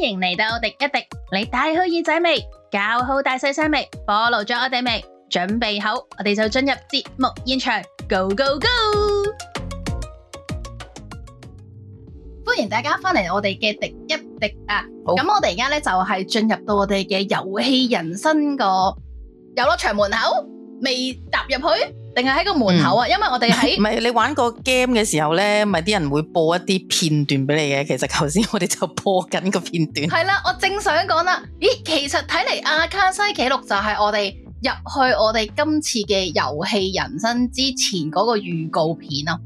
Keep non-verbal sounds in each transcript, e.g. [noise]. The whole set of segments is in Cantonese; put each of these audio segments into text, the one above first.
歡迎嚟到《廸一廸》，你戴好耳仔未？搞好大細聲未？follow 咗我哋未？準備好，我哋就進入節目現場，Go Go Go！歡迎大家翻嚟我哋嘅《廸一廸》啊！咁我哋而家呢就係進入到我哋嘅遊戲人生個遊樂場門口，未踏入去。定係喺個門口啊，嗯、因為我哋喺唔係你玩個 game 嘅時候咧，咪啲人會播一啲片段俾你嘅。其實頭先我哋就播緊個片段。係啦，我正想講啦，咦，其實睇嚟阿卡西紀錄就係我哋入去我哋今次嘅遊戲人生之前嗰個預告片咯、啊。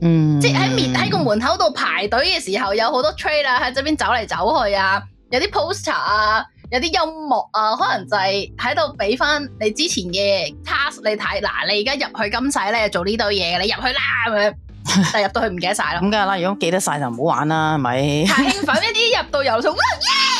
嗯，即係喺面喺個門口度排隊嘅時候，有好多 trailer 喺嗰邊走嚟走去啊，有啲 poster 啊。有啲音樂啊，可能就係喺度俾翻你之前嘅 task 你睇嗱，你而家入去今世咧做呢堆嘢，你入去啦咁樣，但係入到去唔記得曬咯，咁梗係啦，如果記得曬就唔好玩啦，係咪？太興奮一啲入到遊蟲哇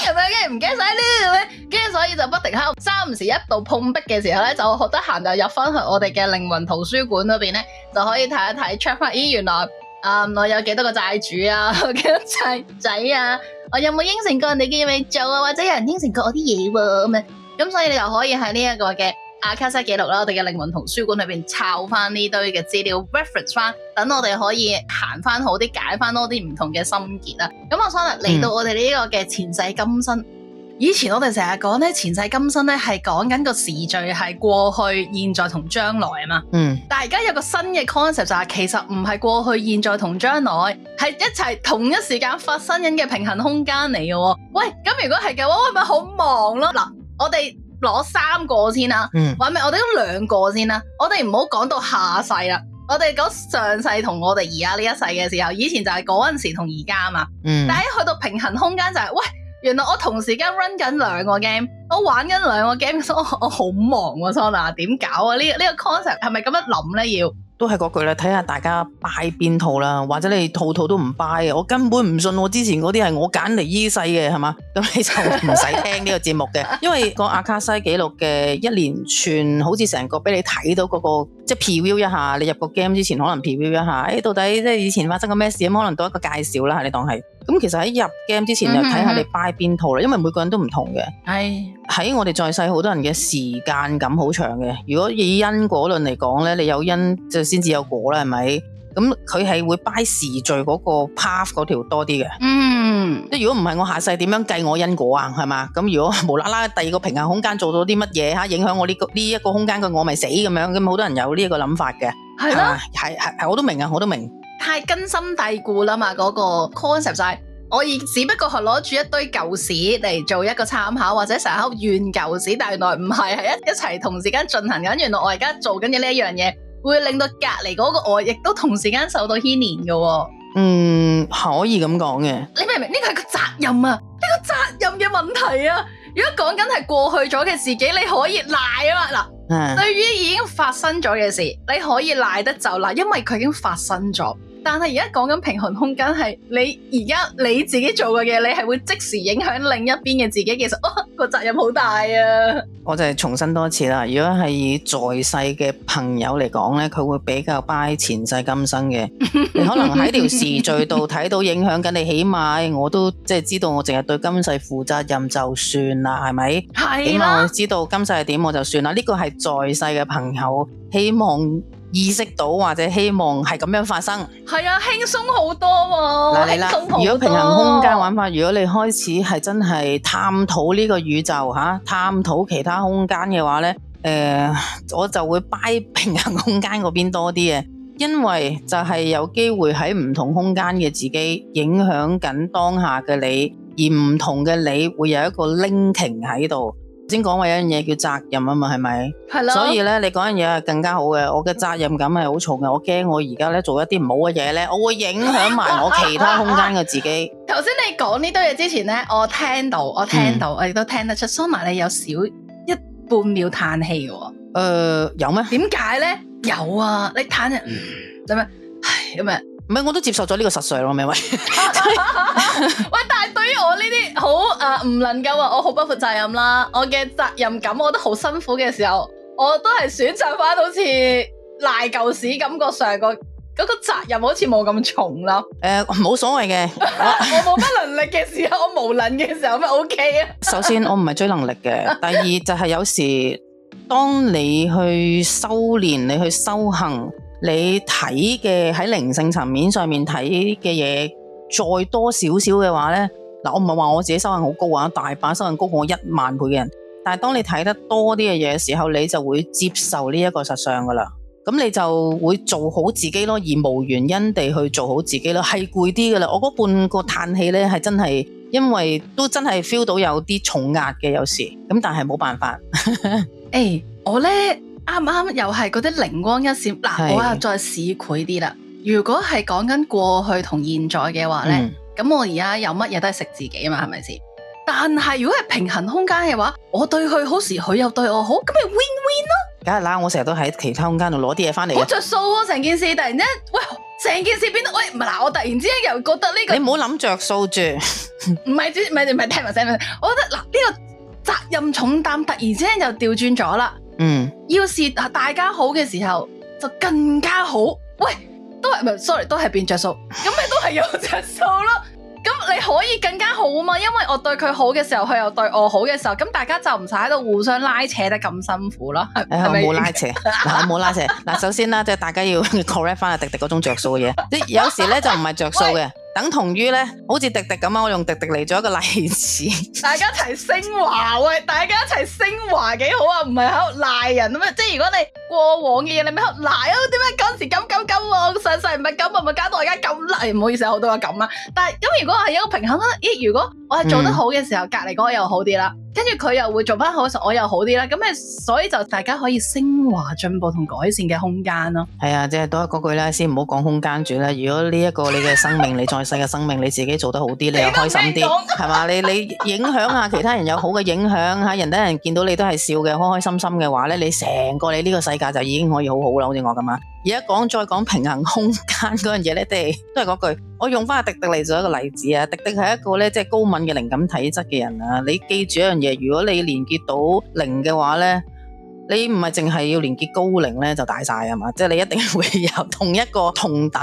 耶咁樣，跟住唔記得曬咧咁樣，跟住所以就不停喺度，三唔時一度碰壁嘅時候咧就好得閒就入翻去我哋嘅靈魂圖書館裏邊咧，就可以睇一睇 check 翻咦原來。Um, 啊！我有幾多個債主啊，我幾多債仔啊？我有冇應承過人哋嘅嘢未做啊？或者有人應承過我啲嘢喎咁啊？咁所以你就可以喺呢一個嘅阿卡西記錄啦，我哋嘅靈魂圖書館裏邊抄翻呢堆嘅資料 Reference 翻，等我哋可以行翻好啲，解翻多啲唔同嘅心結啊！咁我想嚟到我哋呢個嘅前世今生。嗯以前我哋成日講咧前世今生咧係講緊個時序係過去、現在同將來啊嘛。嗯。但係而家有個新嘅 concept 就係、是、其實唔係過去、現在同將來係一齊同一時間發生緊嘅平行空間嚟嘅、哦。喂，咁如果係嘅話，會唔會好忙咯、啊？嗱，我哋攞三個先啦、啊。嗯。話咪？我哋都兩個先啦、啊。我哋唔好講到下世啦。我哋講上世同我哋而家呢一世嘅時候，以前就係嗰陣時同而家啊嘛。嗯。但係一去到平行空間就係、是、喂。原來我同時間 run 緊兩個 game，我玩緊兩個 game 嘅時候，我好忙喎，Sona，點搞啊？Ona，啊，這個這個、是是呢呢個 concept 係咪咁樣諗咧？要都係嗰句啦，睇下大家拜邊套啦，或者你套套都唔拜，我根本唔信我之前嗰啲係我揀嚟依世嘅，係嘛？咁你就唔使聽呢個節目嘅， [laughs] 因為個阿卡西記錄嘅一連串，好似成個俾你睇到嗰、那個，即係 preview 一下，你入個 game 之前可能 preview 一下，誒，到底即係以前發生過咩事咁，可能多一個介紹啦，你當係。咁其實喺入 game 之前就睇下你掰邊套啦，因為每個人都唔同嘅。係喺唉我哋在世，好多人嘅時間感好長嘅。如果以因果論嚟講咧，你有因就先至有果啦，係咪？咁佢係會掰時序嗰個 path 嗰條多啲嘅。嗯，即如果唔係我下世點樣計我因果啊？係嘛？咁如果無啦啦第二個平行空間做到啲乜嘢吓，影響我呢、這個呢一、這個空間嘅我，咪死咁樣？咁好多人有呢個諗法嘅。係咯吧，係係係，我都明啊，我都明。太根深蒂固啦嘛，嗰個 concept 晒，我亦只不過係攞住一堆舊事嚟做一個參考，或者成日喺度怨舊事，但原來唔係，係一一齊同時間進行緊。原來我而家做緊嘅呢一樣嘢，會令到隔籬嗰個我亦都同時間受到牽連嘅，哦。嗯，可以咁講嘅。你明唔明？呢個係個責任啊，呢個責任嘅問題啊。如果講緊係過去咗嘅自己，你可以賴啊嘛。嗱、嗯。對於已經發生咗嘅事，你可以賴得就賴，因為佢已經發生咗。但係而家講緊平行空間係你而家你自己做嘅嘢，你係會即時影響另一邊嘅自己，其實哦個責任好大啊！我就係重申多次啦。如果係以在世嘅朋友嚟講呢，佢會比較拜前世今生嘅。 [laughs] 你可能喺條時序度睇到影響緊 [laughs] 你，起碼我都即係知道我淨係對今世負責任就算啦，係咪？起碼知道今世係點我就算啦。呢個係在世嘅朋友希望。意識到或者希望係咁樣發生，係啊，輕鬆好多喎、哦，來來啦輕鬆好多。如果平行空間玩法，如果你開始係真係探討呢個宇宙嚇、啊，探討其他空間嘅話呢，誒、呃，我就會擺平行空間嗰邊多啲嘅，因為就係有機會喺唔同空間嘅自己影響緊當下嘅你，而唔同嘅你會有一個 linking 喺度。先講為一樣嘢叫責任啊嘛，係咪？係啦咯。所以咧，你講樣嘢係更加好嘅。我嘅責任感係好重嘅，我驚我而家咧做一啲唔好嘅嘢咧，我會影響埋我其他空間嘅自己。頭先、啊啊啊啊啊啊啊、你講呢堆嘢之前咧，我聽到，我聽到，嗯、我亦都聽得出。蘇曼你有少一半秒嘆氣嘅？誒、呃，有咩？點解咧？有啊，你嘆嘅，做、嗯、咩？唉，咁啊。唔係，我都接受咗呢個實相咯，明唔明？喂，但係對於我呢啲好誒，唔、呃、能夠話我好不負責任啦。我嘅責任感，我覺得好辛苦嘅時候，我都係選擇翻好似賴舊屎，感覺上個嗰、那個責任好似冇咁重啦。誒、呃，冇所謂嘅，我冇 [laughs] [laughs] 能力嘅時候，我無能嘅時候，咪 O K 啊。 [laughs] 首先，我唔係追能力嘅。第二就係有時，當你去修練，你去修行。你睇嘅喺靈性層面上面睇嘅嘢再多少少嘅話呢？嗱，我唔係話我自己修行好高啊，大把修行高過我一萬倍嘅人，但係當你睇得多啲嘅嘢嘅時候，你就會接受呢一個實相噶啦，咁你就會做好自己咯，而無原因地去做好自己咯，係攰啲噶啦，我嗰半個嘆氣呢，係真係因為都真係 feel 到有啲重壓嘅有時，咁但係冇辦法，誒、 [laughs] hey, 我咧。啱啱又係嗰啲靈光一閃，嗱我又再試攰啲啦。如果係講緊過去同現在嘅話咧，咁、嗯、我而家有乜嘢都係食自己啊嘛，係咪先？但係如果係平衡空間嘅話，我對佢好時，佢又對我好，咁咪 win win 咯、啊。梗係啦，我成日都喺其他空間度攞啲嘢翻嚟，我着數喎，成件事突然間，喂，成件事變到，喂，唔係嗱，我突然之間又覺得呢、這個，你唔好諗着數住，唔 [laughs] 係，唔係，唔係，聽埋明，我覺得嗱呢、這個責任重擔突然之間就調轉咗啦。嗯，要是大家好嘅時候就更加好。喂，都係唔係？sorry，都係變着數，咁咪都係有着數咯。咁你可以更加好嘛，因為我對佢好嘅時候，佢又對我好嘅時候，咁大家就唔使喺度互相拉扯得咁辛苦咯。係咪、哎呦？冇拉扯嗱， [laughs] 我冇拉扯嗱。 [laughs] 首先啦，即係大家要 correct 翻啊，迪迪嗰種着數嘅嘢，即係有時咧就唔係着數嘅。等同於呢，好似迪迪咁啊！我用迪迪嚟做一個例子， [laughs] 大家一齊升華喂，大家一齊升華幾好啊！唔係喺度賴人咁啊！即係如果你過往嘅嘢你咪喺度賴咯，點解陣時咁咁咁上世唔係咁啊？咪搞到而家咁賴？唔好意思好多話咁啊！但係咁如果係一個平衡啦，咦？如果？我係做得好嘅時候，嗯、隔籬嗰個又好啲啦，跟住佢又會做翻好，我又好啲啦，咁咪所以就大家可以升華、進步同改善嘅空間咯。係啊，即係都係嗰句啦，先唔好講空間住啦。如果呢一個你嘅生命， [laughs] 你在世嘅生命，你自己做得好啲，你又開心啲，係嘛？ [laughs] 你你影響下其他人有好嘅影響，吓人哋人見到你都係笑嘅，開開心心嘅話咧，你成個你呢個世界就已經可以好好啦，好似我咁啊。而家講再講平行空間嗰樣嘢咧，都係都係嗰句，我用翻迪迪嚟做一個例子啊。迪迪係一個咧，即高敏嘅靈感體質嘅人啊。你記住一樣嘢，如果你連結到零嘅話咧。你唔係淨係要連結高靈咧就大晒㗎嘛？即係你一定會由同一個同等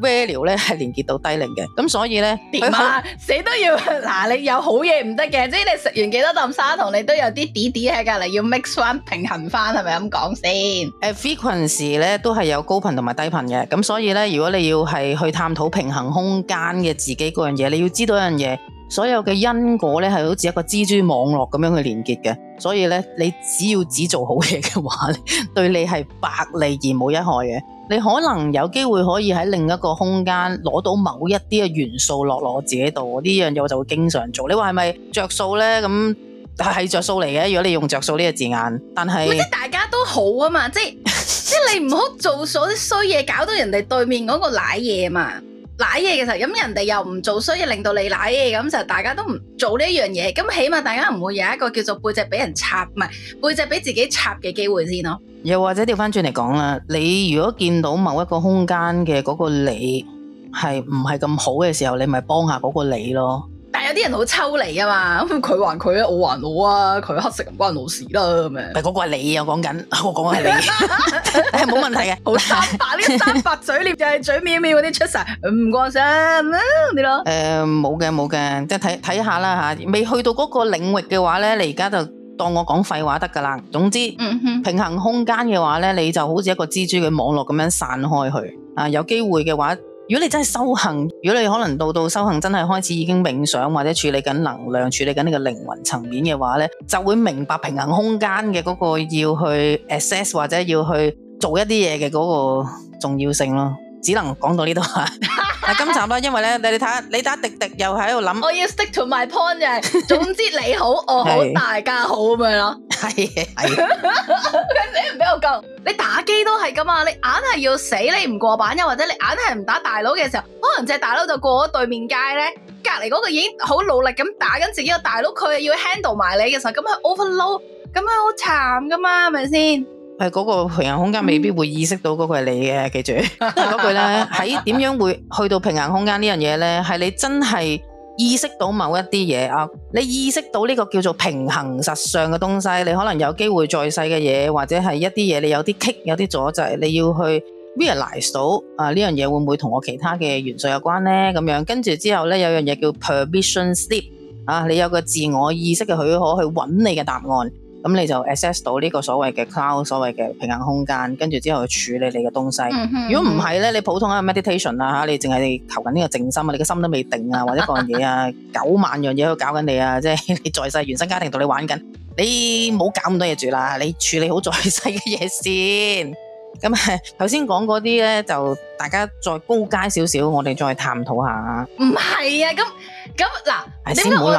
value 咧係連結到低靈嘅。咁所以咧，點啊？是死都要嗱、啊，你有好嘢唔得嘅，即係你食完幾多啖沙糖，你都有啲啲啲喺隔離要 mix one 平衡翻，係咪咁講先？誒、啊、frequency 咧都係有高頻同埋低頻嘅。咁所以咧，如果你要係去探討平行空間嘅自己嗰樣嘢，你要知道一樣嘢。所有嘅因果咧，係好似一個蜘蛛網絡咁樣去連結嘅，所以咧，你只要只做好嘢嘅話， [laughs] 對你係百利而冇一害嘅。你可能有機會可以喺另一個空間攞到某一啲嘅元素落落自己度，呢樣嘢我就會經常做。你話係咪着數咧？咁係着數嚟嘅。如果你用着數呢個字眼，但係即係大家都好啊嘛，即係 [laughs] 即係你唔好做所啲衰嘢，搞到人哋對面嗰個瀨嘢嘛。瀨嘢嘅時候，咁 [music] 人哋又唔做，所以令到你瀨嘢，咁就大家都唔做呢一樣嘢，咁起碼大家唔會有一個叫做背脊俾人插，唔係背脊俾自己插嘅機會先咯。又或者調翻轉嚟講啦，你如果見到某一個空間嘅嗰個你係唔係咁好嘅時候，你咪幫下嗰個你咯。有啲人好抽離啊嘛，咁佢還佢啊，我還我啊，佢黑食唔關我事啦咁啊！係嗰、嗰個係你，啊，講緊，我講係你，冇 [laughs] 問題嘅。好單白呢個單白嘴臉就係嘴喵喵嗰啲出晒，唔過聲你咯。誒，冇嘅冇嘅，即係睇睇下啦吓，未去到嗰個領域嘅話咧，你而家就當我講廢話得噶啦。總之，嗯、哼平衡空間嘅話咧，你就好似一個蜘蛛嘅網絡咁樣散開去啊。有機會嘅話。如果你真係修行，如果你可能到到修行真係開始已經冥想或者處理緊能量、處理緊你個靈魂層面嘅話呢，就會明白平行空間嘅嗰個要去 access 或者要去做一啲嘢嘅嗰個重要性咯。只能講到呢度啊！今集啦，因為咧，你睇下，你打廸廸又喺度諗。我要 stick to my point 嘅，總之你好，我好，大家好咁樣咯。係係，你唔俾我救，你打機都係咁啊！你硬係要死，你唔過版又或者你硬係唔打大佬嘅時候，可能隻大佬就過咗對面街咧，隔離嗰個已經好努力咁打緊自己個大佬，佢要 handle 埋你嘅時候，咁佢 overload，咁咪好慘噶嘛？係咪先？誒，嗰個平行空間未必會意識到嗰句係你嘅，記住嗰句咧。喺 [laughs] 點樣會去到平行空間呢樣嘢咧？係你真係意識到某一啲嘢啊！你意識到呢個叫做平衡實相嘅東西，你可能有機會再世嘅嘢，或者係一啲嘢，你有啲棘，有啲阻滯，你要去 realize 到啊，呢樣嘢會唔會同我其他嘅元素有關咧？咁樣跟住之後咧，有樣嘢叫 permission slip 啊，你有個自我意識嘅許可去揾你嘅答案。咁你就 access 到呢個所謂嘅 cloud，所謂嘅平行空間，跟住之後去處理你嘅東西。如果唔係咧，你普通嘅 meditation 啊，嚇，你淨係求緊呢個靜心啊，你個心都未定啊，或者嗰樣嘢啊， [laughs] 九萬樣嘢都搞緊你啊，即係你在世原生家庭度，你玩緊，你冇搞咁多嘢住啦，你處理好在世嘅嘢先。咁啊，頭先講嗰啲咧，就大家再高階少少，我哋再探討下。唔係啊，咁咁嗱。點解我好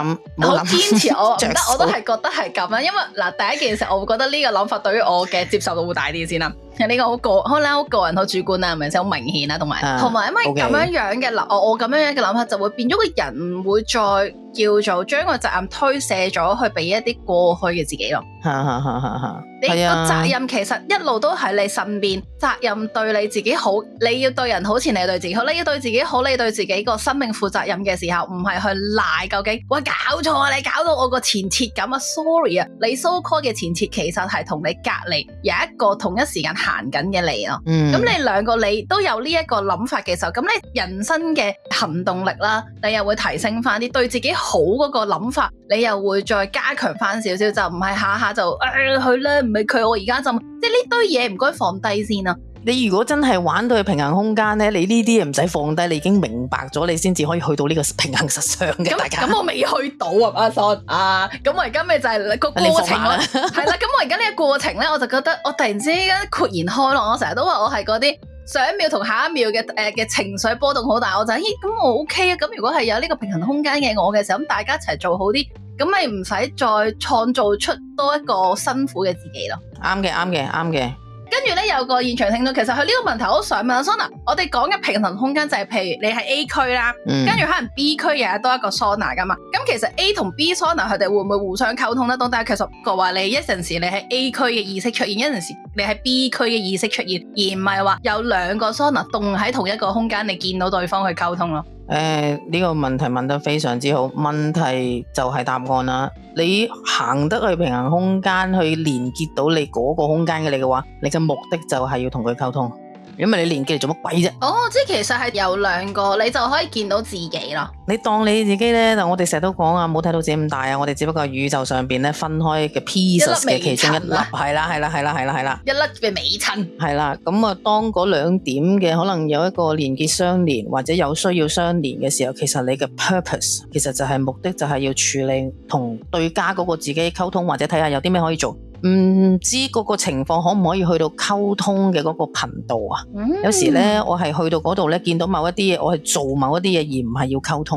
堅持？我唔得，我都係覺得係咁啦。因為嗱，第一件事我會覺得呢個諗法對於我嘅接受度會大啲先啦。呢個好個好咧，好個人好主觀啦，係咪先好明顯啦？同埋，同埋因為咁樣樣嘅諗，我我咁樣樣嘅諗法就會變咗個人唔會再叫做將個責任推卸咗去俾一啲過去嘅自己咯。吓吓吓吓吓！你個責任其實一路都喺你身邊，責任對你自己好，你要對人好似，你要對自己好。你要對自己好，你對自己個生命負責任嘅時候，唔係去賴個。究竟我搞錯啊？你搞到我個前設咁啊？Sorry 啊，你 so call 嘅前設其實係同你隔籬有一個同一時間行緊嘅你咯、啊。咁、嗯、你兩個你都有呢一個諗法嘅時候，咁你人生嘅行動力啦，你又會提升翻啲，對自己好嗰個諗法，你又會再加強翻少少，就唔係下下就誒、哎、去啦，唔係佢我而家就即係呢堆嘢唔該放低先啦、啊。你如果真係玩到去平行空間咧，你呢啲嘢唔使放低，你已經明白咗，你先至可以去到呢個平行實上嘅咁那家我未去到 [laughs] 啊，阿 son。啊，咁我而家咪就係個過程放 [laughs] 啦。係啦，咁我而家呢個過程咧，我就覺得我突然之間豁然開朗。我成日都話我係嗰啲上一秒同下一秒嘅誒嘅情緒波動好大，我就咦，咁我 OK？啊，咁如果係有呢個平行空間嘅我嘅時候，咁大家一齊做好啲，咁咪唔使再創造出多一個辛苦嘅自己咯。啱嘅、嗯，啱嘅、嗯，啱嘅、嗯。跟住咧有個現場聽到，其實佢呢個問題我想問阿 sona，我哋講嘅平行空間就係、是、譬如你係 A 區啦，嗯、跟住可能 B 區又有多一個 sona 噶嘛，咁其實 A 同 B sona 佢哋會唔會互相溝通得多？但係其實我話你一陣時你喺 A 區嘅意識出現，一陣時你喺 B 區嘅意識出現，而唔係話有兩個 sona 棟喺同一個空間，你見到對方去溝通咯。誒，呢個問題問得非常之好。問題就係答案啦。你行得去平行空間，去連結到你嗰個空間嘅你嘅話，你嘅目的就係要同佢溝通。因為你連結嚟做乜鬼啫？哦，即其實係有兩個，你就可以見到自己啦。你當你自己呢，就我哋成日都講啊，冇睇到自己咁大啊！我哋只不過係宇宙上邊咧分開嘅 pieces 嘅其中一粒，係啦係啦係啦係啦係啦，一粒嘅微塵，係啦。咁、嗯、啊，當嗰兩點嘅可能有一個連結相連，或者有需要相連嘅時候，其實你嘅 purpose 其實就係目的，就係要處理同對家嗰個自己溝通，或者睇下有啲咩可以做。唔知嗰個情況可唔可以去到溝通嘅嗰個頻道啊？嗯、有時呢，我係去到嗰度呢，見到某一啲嘢，我係做某一啲嘢，而唔係要溝通。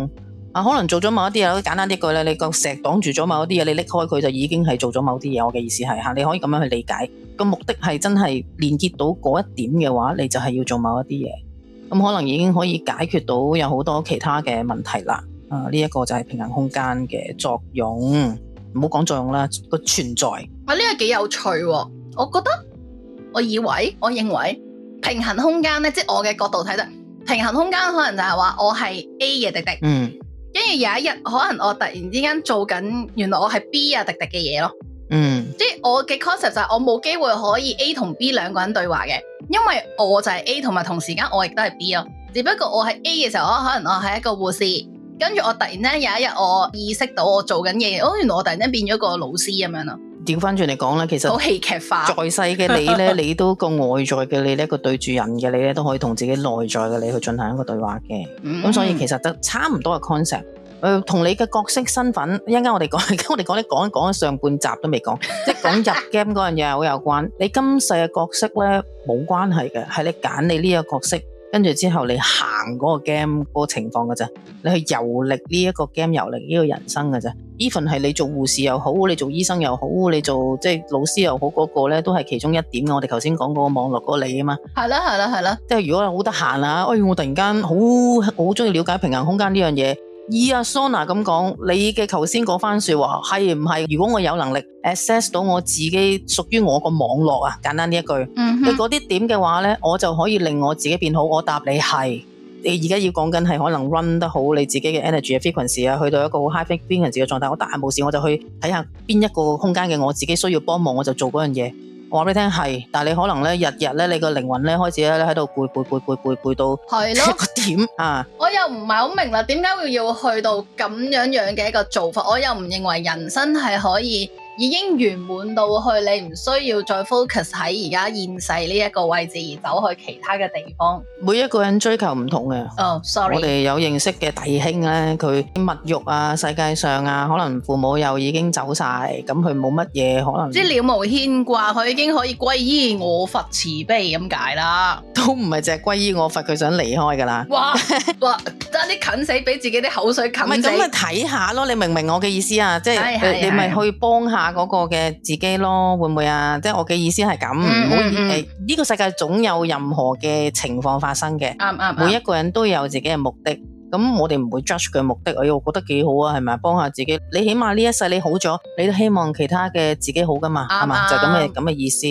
啊，可能做咗某一啲嘢，簡單啲句咧，你個石擋住咗某一啲嘢，你拎開佢就已經係做咗某一啲嘢。我嘅意思係吓，你可以咁樣去理解。個目的係真係連接到嗰一點嘅話，你就係要做某一啲嘢。咁、嗯、可能已經可以解決到有好多其他嘅問題啦。啊、呢、這、一個就係平衡空間嘅作用，唔好講作用啦，個存在。啊、呢、這個幾有趣，我覺得，我以為，我認為平衡空間咧，即係我嘅角度睇得平衡空間，空間可能就係話我係 A 嘅廸廸，嗯。跟住有一日，可能我突然之間做緊，原來我係 B 啊，迪迪嘅嘢咯。嗯，即係我嘅 concept 就係我冇機會可以 A 同 B 兩個人對話嘅，因為我就係 A 同埋同時間我亦都係 B 咯。只不過我係 A 嘅時候，我可能我係一個護士，跟住我突然咧有一日，我意識到我做緊嘢，哦，原來我突然間變咗個老師咁樣咯。調翻轉嚟講咧，其實好戲劇化。在世嘅你咧，你都個外在嘅你咧，一個對住人嘅你咧，都可以同自己內在嘅你去進行一個對話嘅。咁所以其實就差唔多嘅 concept。誒，同你嘅角色身份，一陣間我哋講，我哋講咧，講一講，上半集都未講，即係講入 game 嗰樣嘢係好有關。你今世嘅角色咧冇關係嘅，係你揀你呢個角色。跟住之後，你行嗰個 game 嗰個情況嘅啫，你去遊歷呢一個 game 遊歷呢個人生嘅啫。even 係你做護士又好，你做醫生又好，你做即係老師又好嗰個呢，嗰個咧都係其中一點嘅。我哋頭先講嗰個網絡嗰、嗰個你啊嘛。係啦，係啦，係啦。即係如果好得閒啊，哎，我突然間好好中意了解平行空間呢樣嘢。以阿 Sona 咁講，你嘅頭先嗰番説話係唔係？如果我有能力 access 到我自己屬於我個網絡啊，簡單呢一句，嗯、哼你嗰啲點嘅話咧，我就可以令我自己變好。我答你係。你而家要講緊係可能 run 得好你自己嘅 energy 嘅 frequency 啊，去到一個 high frequency 嘅狀態。我得閒無事我就去睇下邊一個空間嘅我自己需要幫忙，我就做嗰樣嘢。我話俾你聽係，但係你可能咧日日咧，你個靈魂咧開始喺度背背背背背背到係囉，一個點啊！我又唔係好明啦，點解會要去到咁樣樣嘅一個做法？我又唔認為人生係可以。已經圓滿到去，你唔需要再 focus 喺而家現世呢一個位置，而走去其他嘅地方。每一個人追求唔同嘅。哦，sorry。我哋有認識嘅弟兄咧，佢物欲啊，世界上啊，可能父母又已經走晒，咁佢冇乜嘢可能。即係了無牽掛，佢已經可以歸依我佛慈悲咁解啦。都唔係淨係歸依我佛，佢想離開㗎啦。哇哇，得啲近死，俾自己啲口水啃。唔係咁啊，睇下咯，你明唔明我嘅意思啊？即係你咪去幫下。嗰個嘅自己咯，會唔會啊？即係我嘅意思係咁，唔好誒！呢個世界總有任何嘅情況發生嘅，啱唔啱？每一個人都有自己嘅目的，咁、嗯嗯、我哋唔會 judge 佢目的。哎，我覺得幾好啊，係咪啊？幫下自己，你起碼呢一世你好咗，你都希望其他嘅自己好噶嘛？係嘛、嗯嗯？就咁嘅咁嘅意思。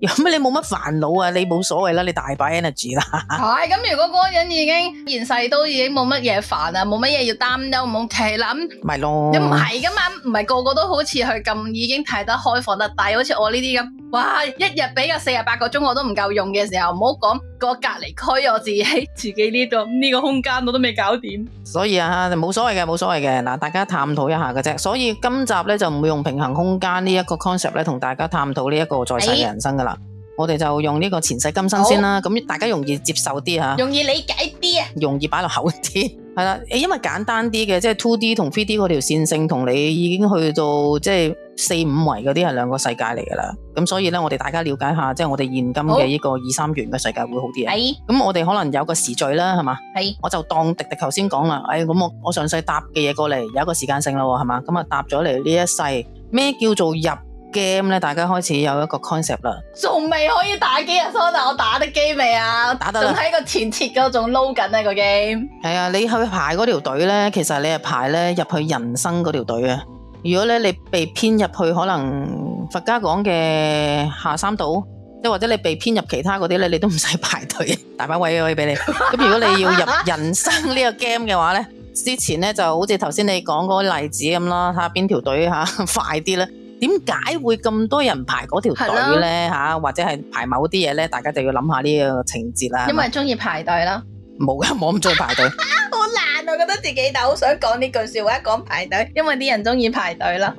有咩 [laughs] 你冇乜煩惱啊？你冇所謂啦，你大把 energy 啦。係咁，如果嗰個人已經現世都已經冇乜嘢煩啊，冇乜嘢要擔憂，冇企諗，咪咯。又唔係噶嘛？唔係個個都好似佢咁已經睇得開放得大，好似我呢啲咁。哇！一日俾個四十八個鐘我都唔夠用嘅時候，唔好講。個隔離區，我自己喺自己呢度呢個空間我都未搞掂，所以啊，冇所謂嘅，冇所謂嘅，嗱，大家探討一下嘅啫。所以今集咧就唔會用平行空間呢一個 concept 咧同大家探討呢一個在世嘅人生噶啦，欸、我哋就用呢個前世今生先啦，咁好大家容易接受啲吓，容易理解啲啊，容易擺落口啲。 [laughs] 係啦，因為簡單啲嘅，即係 two D 同 three D 嗰條線性，同你已經去到即係四五維嗰啲係兩個世界嚟噶啦。咁所以呢，我哋大家了解下，即係我哋現今嘅呢個二三元嘅世界會好啲啊。係，咁我哋可能有個時序啦，係嘛？係，我就當廸廸頭先講啦，咁我上世搭答嘅嘢過嚟，有一個時間性啦，係嘛？咁啊，搭咗嚟呢一世咩叫做入？game 咧，大家開始有一個 concept 啦。仲未可以打機啊，Sona 我打得機未啊？打到。仲喺個田鐵嗰度撈緊呢個 game。係啊，你去排嗰條隊咧，其實你係排咧入去人生嗰條隊啊。如果咧你被編入去，可能佛家講嘅下三島，即或者你被編入其他嗰啲咧，你都唔使排隊， [laughs] 大把位位俾你。咁 [laughs] 如果你要入人生呢個 game 嘅話咧，之前咧就好似頭先你講嗰個例子咁啦，睇下邊條隊吓快啲咧。點解會咁多人排嗰條隊咧？吓的、啊，或者係排某啲嘢咧？大家就要諗下呢個情節啦。因為中意排隊咯。冇啊，我唔中意排隊。好難啊，覺得自己就好想講呢句說話講排隊，因為啲人中意排隊啦。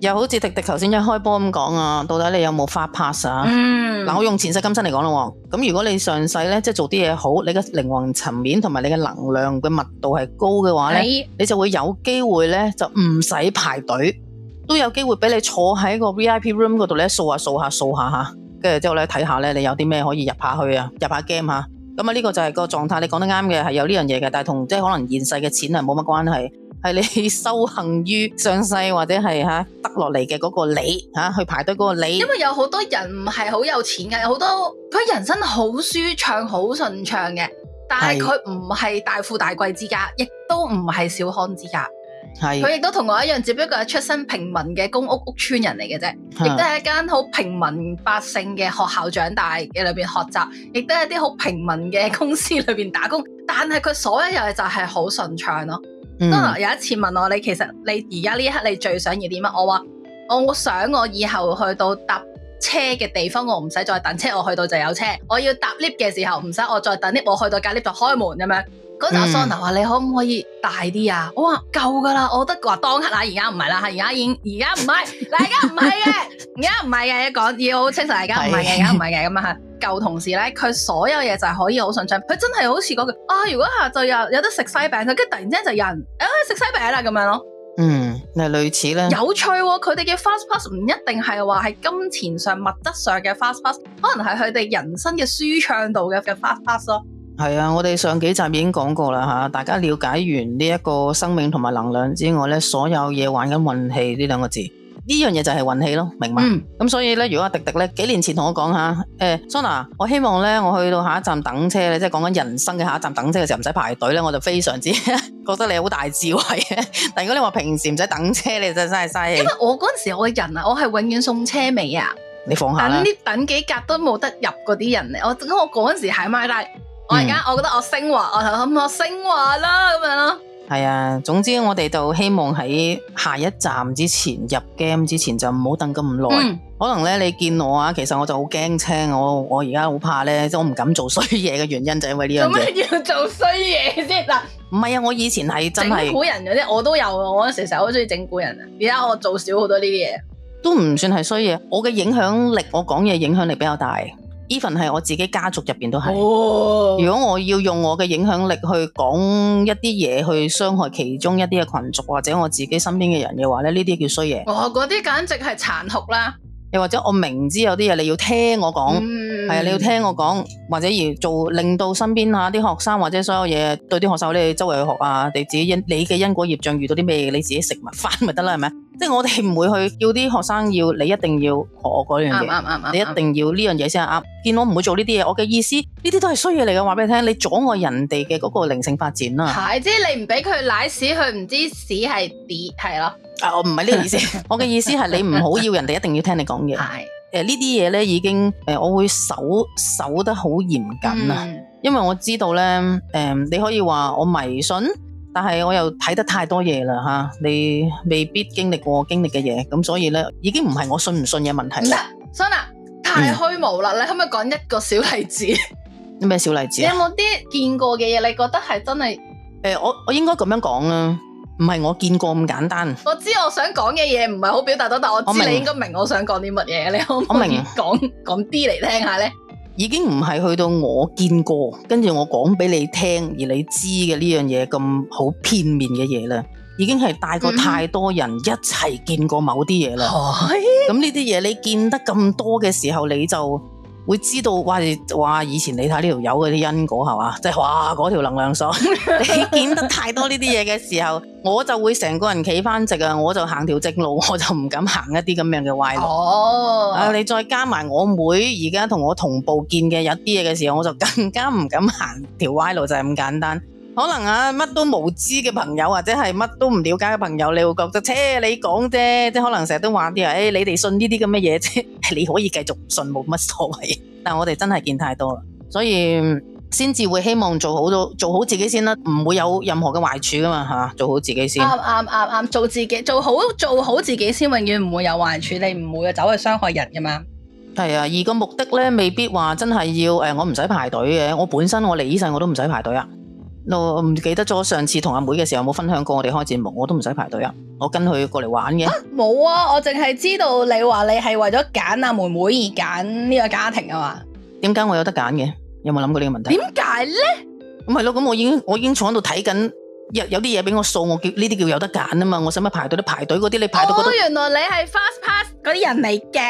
又好似迪迪頭先一開波咁講啊，到底你有冇發 pass 啊？嗱、嗯，我用前世今生嚟講咯。咁如果你上世咧即係做啲嘢好，你嘅靈魂層面同埋你嘅能量嘅密度係高嘅話咧，的你就會有機會咧就唔使排隊。都有機會俾你坐喺個 VIP room 嗰度咧，掃下掃下掃下嚇，跟住之後咧睇下咧，你有啲咩可以入下去入下 game，啊？入下 game 嚇，咁啊呢個就係個狀態。你講得啱嘅係有呢樣嘢嘅，但係同即係可能現世嘅錢係冇乜關係，係你修行於上世或者係嚇、啊、得落嚟嘅嗰個理去排隊嗰個理。啊、個理因為有好多人唔係好有錢嘅，有好多佢人生好舒暢、好順暢嘅，但係佢唔係大富大貴之家，是亦都唔係小康之家。佢亦都同我一樣，只不過係出身平民嘅公屋屋村人嚟嘅啫，亦都係一間好平民百姓嘅學校長大嘅裏邊學習，亦都係啲好平民嘅公司裏邊打工。但係佢所有嘢就係好順暢咯。Donald、嗯、有一次問我：你其實你而家呢一刻你最想要啲乜？我話：我想我以後去到搭車嘅地方，我唔使再等車，我去到就有車。我要搭 lift 嘅時候，唔使我再等 lift，我去到架 lift 就開門咁樣。嗰陣阿 Sona 就話：那嗯、你可唔可以大啲啊？我話，夠噶啦，我覺得話當刻啦，而家唔係啦嚇，而家已經而家唔係，而家唔係嘅，而家唔係嘅，講要好清楚，而家唔係嘅，而家唔係嘅咁啊嚇。舊同事咧，佢所有嘢就係可以好順暢，佢真係好似嗰句啊，如果下晝又有，有得食西餅佢跟住突然之間就有人啊食西餅啦咁樣咯。嗯，係類似啦。有趣喎、哦，佢哋嘅 fast pass 唔一定係話係金錢上、物質上嘅 fast pass，可能係佢哋人生嘅舒暢度嘅嘅 fast pass 咯。係啊，我哋上幾集已經講過啦吓，大家了解完呢一個生命同埋能量之外咧，所有嘢玩緊運氣呢兩個字呢樣嘢就係運氣咯，明白嗎？咁、嗯、所以咧，如果阿迪迪咧幾年前同我講下，誒、欸、Sona 我希望咧我去到下一站等車咧，即係講緊人生嘅下一站等車嘅時候唔使排隊咧，我就非常之 [laughs] 覺得你好大智慧啊。 [laughs] 但如果你話平時唔使等車，你真係真係嘥氣。我嗰陣時我嘅人啊，我係永遠送車尾啊，你放下等啲幾格都冇得入嗰啲人咧，我我嗰陣時係買大。我而家我覺得我升華、嗯，我諗我升華啦，咁樣咯。係啊，總之我哋就希望喺下一站之前入 game 之前，就唔好等咁耐。嗯、可能咧你見我啊，其實我就好驚青，我我而家好怕咧，即我唔敢做衰嘢嘅原因就係因為呢樣嘢。做乜嘢做衰嘢先嗱？唔係啊，我以前係真係整蠱人嗰啲，我都有，啊。我成日好中意整蠱人啊。而家我做少好多呢啲嘢，都唔算係衰嘢。我嘅影響力，我講嘢影響力比較大。Even 係我自己家族入邊都係，哦、如果我要用我嘅影響力去講一啲嘢去傷害其中一啲嘅群族或者我自己身邊嘅人嘅話咧，呢啲叫衰嘢。哦，嗰啲簡直係殘酷啦！又或者我明知有啲嘢你要聽我講，係啊、嗯，你要聽我講，或者要做令到身邊下啲學生或者所有嘢對啲學生你周圍去學啊，你自己因你嘅因果業障遇到啲咩，你自己食物翻咪得啦係咪？即係我哋唔會去叫啲學生，要你一定要我嗰樣嘢，嗯嗯嗯、你一定要呢樣嘢先啱。見我唔會做呢啲嘢，我嘅意思呢啲都係衰嘢嚟嘅，話俾你聽，你阻礙人哋嘅嗰個靈性發展啦。係，即係你唔俾佢舐屎，佢唔知屎係點，係咯。啊、 [laughs] [laughs] 呃，我唔係呢個意思，我嘅意思係你唔好要，要人哋一定要聽你講嘢。係、 [laughs] [laughs] 呃，誒呢啲嘢咧已經誒我會守守得好嚴謹啊，嗯、 [laughs] 因為我知道咧誒、呃、你可以話我迷信。但係我又睇得太多嘢啦吓，你未必經歷過我經歷嘅嘢，咁所以咧已經唔係我信唔信嘅問題啦。Sona 太虛無啦，嗯、你可唔可以講一個小例子？咩小例子？你有冇啲見過嘅嘢？你覺得係真係？誒、欸，我我應該咁樣講啦，啊，唔係我見過咁簡單。我知我想講嘅嘢唔係好表達到，但我知我你應該明我想講啲乜嘢。你可唔可以講講啲嚟聽下咧？已經唔係去到我見過，跟住我講俾你聽，而你知嘅呢樣嘢，咁好片面嘅嘢啦，已經係帶過太多人一齊見過某啲嘢啦。咁呢啲嘢你見得咁多嘅時候，你就。會知道哇！以前你睇呢條友嗰啲因果係嘛？即係，哇！嗰條能量鎖， [laughs] 你見得太多呢啲嘢嘅時候， [laughs] 我就會成個人企翻直啊！我就行條正路，我就唔敢行一啲咁樣嘅歪路。Oh. 啊！你再加埋我妹而家同我同步見嘅有啲嘢嘅時候，我就更加唔敢行條歪路，就係咁簡單。可能啊，乜都無知嘅朋友，或者係乜都唔了解嘅朋友，你會覺得，車、呃、你講啫，即係可能成日都話啲誒，你哋信呢啲咁嘅嘢啫， [laughs] 你可以繼續信，冇乜所謂。但係我哋真係見太多啦，所以先至會希望做好到做好自己先啦，唔會有任何嘅壞處噶嘛吓，做好自己先。啱啱啱啱，做自己做好做好自己先，永遠唔會有壞處，你唔會走去傷害人噶嘛。係啊，而個目的咧，未必話真係要誒、欸，我唔使排隊嘅，我本身我嚟呢世我都唔使排隊啊。我唔記得咗上次同阿妹嘅時候有冇分享過我哋開節目，我都唔使排隊啊，啊！我跟佢過嚟玩嘅。冇啊！我淨係知道你話你係為咗揀阿妹妹，而揀呢個家庭啊嘛？點解我有得揀嘅？有冇諗過呢個問題？點解咧？咁係咯，咁我已經我已經坐喺度睇緊，有有啲嘢俾我掃，我叫呢啲叫有得揀啊嘛！我使乜排隊？都排隊嗰啲你排到覺得、哦、裡原來你係 fast pass 嗰啲人嚟嘅，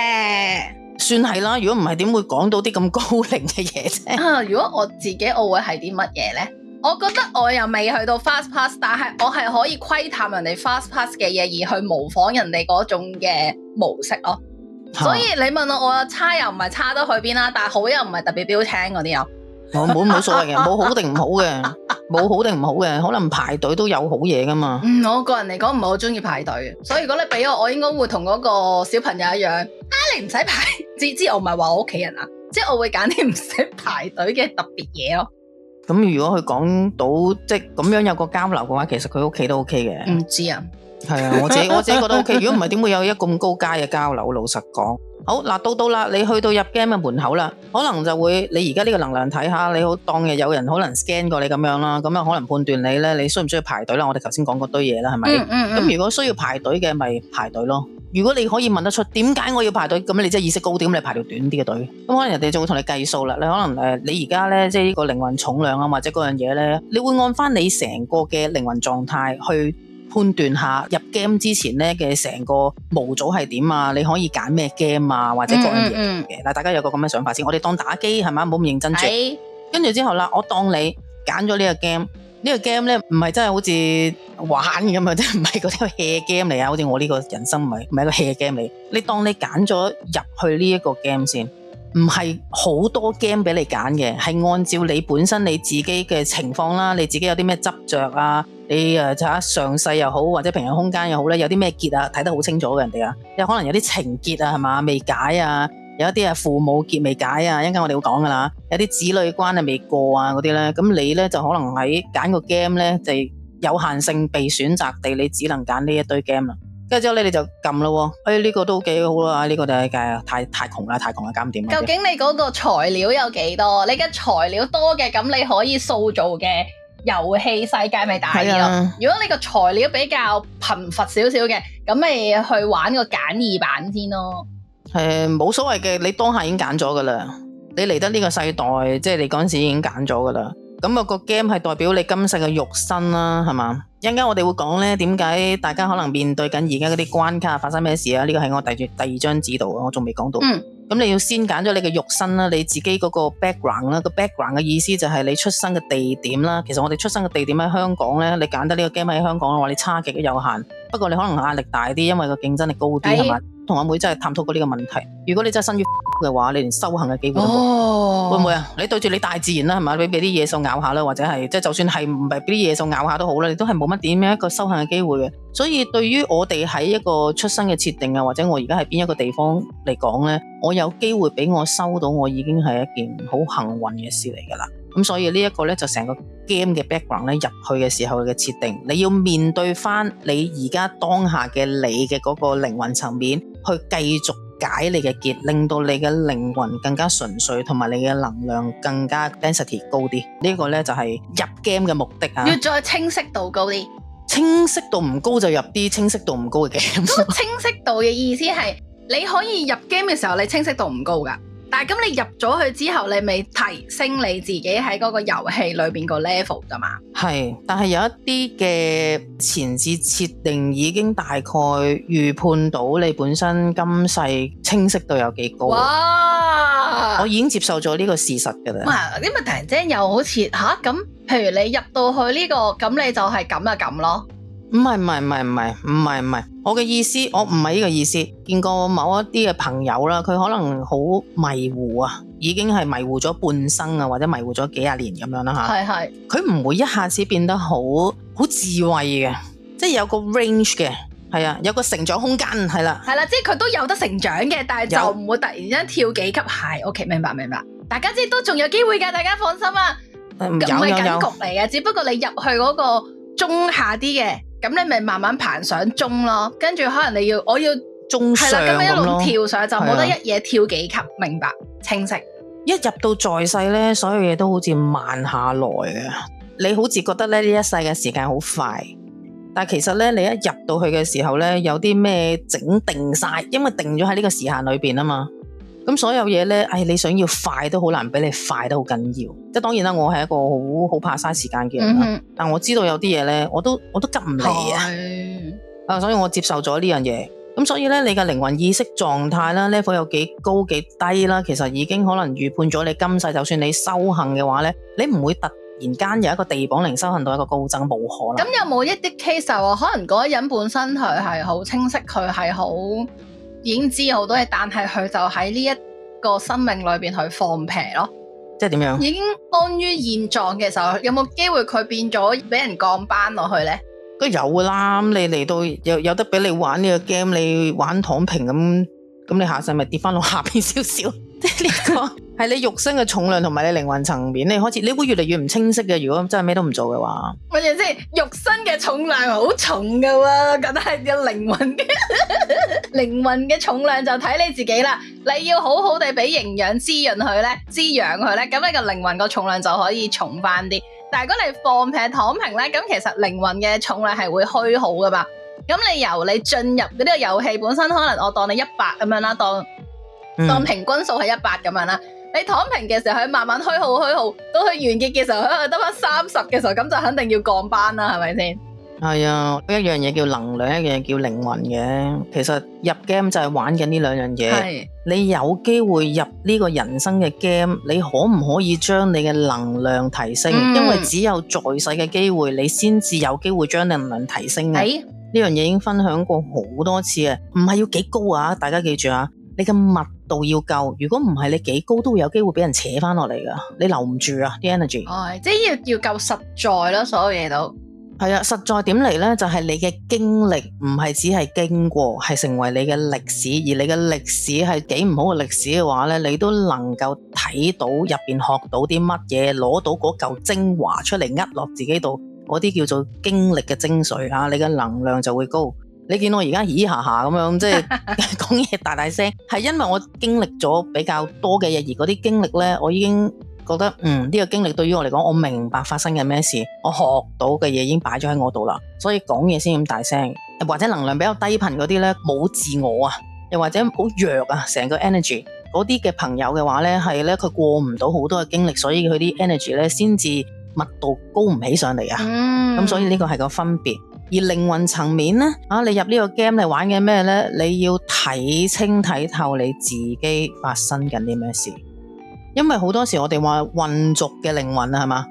算係啦。如果唔係，點會講到啲咁高靈嘅嘢啫？如果我自己，我會係啲乜嘢咧？我覺得我又未去到 fast pass，但係我係可以窺探人哋 fast pass 嘅嘢，而去模仿人哋嗰種嘅模式咯。啊、所以你問我我差又唔係差得去邊啦，但係好又唔係特別標青嗰啲，有冇，冇冇所謂嘅，冇 [laughs] 好定唔好嘅，冇好定唔好嘅，可能排隊都有好嘢噶嘛、嗯。我個人嚟講唔係好中意排隊，所以如果你俾我，我應該會同嗰個小朋友一樣，啊你唔使排，知 [laughs] 知我唔係話我屋企人啊，即係我會揀啲唔使排隊嘅特別嘢咯。咁如果佢講到即咁樣有個交流嘅話，其實佢屋企都 OK 嘅。唔知啊，係啊，我自己我自己覺得 OK。如果唔係，點會有一咁高階嘅交流？老實講，好嗱，到到啦，你去到入 game 嘅門口啦，可能就會你而家呢個能量睇下，你好當係有人可能 scan 過你咁樣啦，咁樣可能判斷你咧，你需唔需要排隊啦？我哋頭先講嗰堆嘢啦，係咪？嗯，嗯，嗯，咁如果需要排隊嘅，咪排隊咯。如果你可以問得出點解我要排隊，咁你即係意識高啲，你排條短啲嘅隊。咁可能人哋就會同你計數啦。你可能誒，你而家咧即係呢個靈魂重量啊，或者嗰樣嘢咧，你會按翻你成個嘅靈魂狀態去判斷下入 game 之前咧嘅成個模組係點啊？你可以揀咩 game 啊，或者嗰樣嘢嘅。嗱、嗯嗯，大家有個咁嘅想法先，我哋當打機係咪？冇咁認真住。是跟住之後啦，我當你揀咗呢個 game。呢個 game 咧，唔係真係好似玩咁啊！真係唔係嗰啲 hea game 嚟啊！好似我呢個人生唔係唔係一個 hea game 嚟。你當你揀咗入去呢一個 game 先，唔係好多 game 俾你揀嘅，係按照你本身你自己嘅情況啦。你自己有啲咩執着啊？你誒下上世又好，或者平行空間又好咧，有啲咩結啊？睇得好清楚嘅人哋啊，有可能有啲情結啊，係嘛未解啊？有一啲啊父母結未解啊，一陣間我哋會講噶啦。有啲子女關係未過啊嗰啲咧，咁你咧就可能喺揀個 game 咧就有限性被選擇地，你只能揀呢一堆 game 啦。跟住之後咧你就撳啦。哎，呢、呢個都幾好啦。呢、哎呢個就係太、太窮啦，太窮啦，撳唔掂。究竟你嗰個材料有幾多？你嘅材料多嘅，咁你可以塑造嘅遊戲世界咪大啲咯。是啊、如果你個材料比較貧乏少少嘅，咁咪去玩個簡易版先咯。誒，冇所謂嘅，你當下已經揀咗噶啦。你嚟得呢個世代，即係你嗰陣時已經揀咗噶啦。咁啊，個 game 係代表你今世嘅肉身啦，係嘛？一陣間我哋會講咧，點解大家可能面對緊而家嗰啲關卡發生咩事啊？呢個係我第二第二章指導，我仲未講到。嗯。咁你要先揀咗你嘅肉身啦，你自己嗰個 background 啦，個 background 嘅意思就係你出生嘅地點啦。其實我哋出生嘅地點喺香港咧，你揀得呢個 game 喺香港嘅話，你差極有限。不過你可能壓力大啲，因為個競爭力高啲，係嘛，哎？同阿妹、妹真係探討過呢個問題。如果你真係生於嘅話，你連修行嘅機會都冇，會唔會啊？你對住你大自然啦，係咪？你俾啲野獸咬下啦，或者係即係，就算係唔係俾啲野獸咬下都好啦，你都係冇乜點樣一個修行嘅機會嘅。所以對於我哋喺一個出生嘅設定啊，或者我而家喺邊一個地方嚟講咧，我有機會俾我收到，我已經係一件好幸運嘅事嚟噶啦。咁、嗯、所以這呢一個咧就成個 game 嘅 background 咧入去嘅時候嘅設定，你要面對返你而家當下嘅你嘅嗰個靈魂層面，去繼續解，解你嘅結，令到你嘅靈魂更加純粹，同埋你嘅能量更加 density 高啲。這個，呢一個就係，是，入 game 嘅目的啊，要再清晰度高啲，清晰度唔高就入啲清晰度唔高嘅 game。 [laughs] 清晰度嘅意思係，你可以入 game 嘅時候，你清晰度唔高㗎。但係咁，你入咗去之後，你咪提升你自己喺嗰個遊戲裡邊個 level 㗎嘛。係，但係有一啲嘅前置設定已經大概預判到你本身今世清晰度有幾高。哇！我已經接受咗呢個事實噶啦。哇！點解突然間又好似吓咁？啊、譬如你入到去呢個，咁你就係咁啊咁咯？唔係唔係唔係唔係唔係唔係。我嘅意思，我唔係呢個意思。見過某一啲嘅朋友啦，佢可能好迷糊啊，已經係迷糊咗半生啊，或者迷糊咗幾廿年咁樣啦吓。係係，佢唔會一下子變得好好智慧嘅，即係有個 range 嘅，係啊，有個成長空間係啦，係啦，即係佢都有得成長嘅，但係就唔會突然間跳幾級。係有，OK，明白明白。大家即係都仲有機會噶，大家放心啊。咁係感覺嚟啊，只不過你入去嗰個中下啲嘅。咁你咪慢慢爬上鐘咯，跟住可能你要我要中上，係啦，咁樣一路跳上就冇得一嘢，跳幾級，是的 明白清晰。一入到在世咧，所有嘢都好似慢下來嘅，你好似覺得咧，呢一世嘅時間好快，但係其實咧，你一入到去嘅時候咧，有啲咩整定晒，因為定咗喺呢個時限裏邊啊嘛。咁所有嘢咧，唉，你想要快都好難，俾你快得好緊要。即係當然啦，我係一個好好怕嘥時間嘅人、嗯、哼但我知道有啲嘢咧，我都我都急唔嚟啊。啊、哎，所以我接受咗呢樣嘢。咁所以咧，你嘅靈魂意識狀態啦呢 level 有幾高幾低啦，其實已經可能預判咗你今世，就算你修行嘅話咧，你唔會突然間有一個地磅靈修行到一個高僧，冇可能。咁、嗯嗯、有冇一啲 case 話，可能嗰個人本身佢係好清晰，佢係好。已經知好多嘢，但係佢就喺呢一個生命裏邊去放平咯，即係點樣？已經安於現狀嘅時候，有冇機會佢變咗俾人降班落去呢？都有噶啦，你嚟到有有得俾你玩呢個 game，你玩躺平咁，咁你下世咪跌翻落下邊少少。 [laughs] 呢 [laughs] 個係你肉身嘅重量同埋你靈魂層面，你開始你會越嚟越唔清晰嘅。如果真係咩都唔做嘅話，我哋先肉身嘅重量好重噶喎，啊，覺得係只靈魂嘅靈 [laughs] 魂嘅重量就睇你自己啦。你要好好地俾營養滋潤佢咧，滋養佢咧，咁你個靈魂個重量就可以重翻啲。但係如果你放平躺平咧，咁其實靈魂嘅重量係會虛好噶嘛。咁你由你進入呢個遊戲本身，可能我當你一百咁樣啦，當。當平均數係一百咁樣啦，你躺平嘅時候佢慢慢虛耗虛耗，到佢完結嘅時候佢得翻三十嘅時候，咁就肯定要降班啦，係咪先？係啊，一樣嘢叫能量，一樣嘢叫靈魂嘅。其實入 game 就係玩緊呢兩樣嘢。係你有機會入呢個人生嘅 game，你可唔可以將你嘅能量提升？因為只有在世嘅機會，你先至有機會將能量提升嘅。呢樣嘢已經分享過好多次啊，唔係要幾高啊！大家記住啊，你嘅物度要夠，如果唔係你幾高都會有機會俾人扯翻落嚟噶，你留唔住啊啲 energy。哦，即係要要夠實在咯，所有嘢都係啊，實在點嚟呢，就係你嘅經歷唔係只係經過，係成為你嘅歷史。而你嘅歷史係幾唔好嘅歷史嘅話呢，你都能夠睇到入邊學到啲乜嘢，攞到嗰嚿精華出嚟，握落自己度，嗰啲叫做經歷嘅精髓啊，你嘅能量就會高。你見我而家咦下下咁樣，即係講嘢大大聲，係 [laughs] 因為我經歷咗比較多嘅嘢，而嗰啲經歷呢，我已經覺得嗯呢、呢個經歷對於我嚟講，我明白發生緊咩事，我學到嘅嘢已經擺咗喺我度啦，所以講嘢先咁大聲。或者能量比較低頻嗰啲咧，冇自我啊，又或者好弱啊，成個 energy 嗰啲嘅朋友嘅話呢，係呢，佢過唔到好多嘅經歷，所以佢啲 energy 咧先至密度高唔起上嚟啊。咁、嗯、所以呢個係個分別。而靈魂層面呢，啊，你入呢個 game 嚟玩嘅咩呢？你要睇清睇透你自己發生緊啲咩事，因為好多時我哋話混濁嘅靈魂啊，係嘛，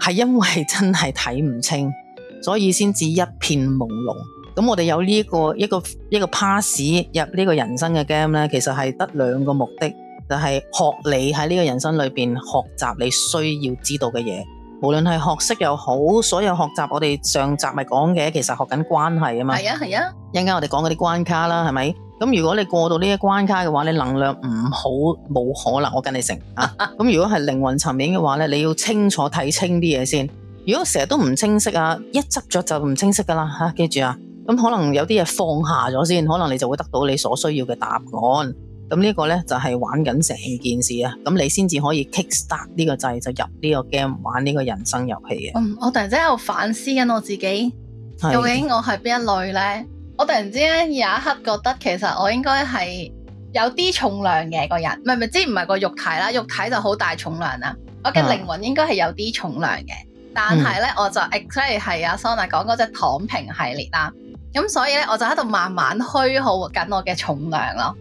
係因為真係睇唔清，所以先至一片朦朧。咁我哋有呢、呢個一個一個 pass 入呢個人生嘅 game 咧，其實係得兩個目的，就係、是、學你喺呢個人生裏邊學習你需要知道嘅嘢。無論係學識又好，所有學習，我哋上集咪講嘅，其實學緊關係啊嘛。係啊係啊，一陣間我哋講嗰啲關卡啦，係咪？咁如果你過到呢一關卡嘅話，你能量唔好，冇可能我跟你成。咁、啊、 [laughs] 如果係靈魂層面嘅話咧，你要清楚睇清啲嘢先。如果成日都唔清晰啊，一執著就唔清晰噶啦吓，記住啊。咁可能有啲嘢放下咗先，可能你就會得到你所需要嘅答案。咁呢個咧就係玩緊成件事啊！咁你先至可以 kick start 呢個掣，就入呢個 game 玩呢個人生遊戲啊。嗯，我突然之間反思緊我自己，的究竟我係邊一類咧？我突然之間有一刻覺得其實我應該係有啲重量嘅個人，唔係唔知唔係個肉體啦，肉體就好大重量啦。我嘅靈魂應該係有啲重量嘅，啊、但係咧、嗯、我就 exactly 係阿 Sona 講嗰隻躺平系列啦。咁所以咧我就喺度慢慢虛耗緊我嘅重量咯。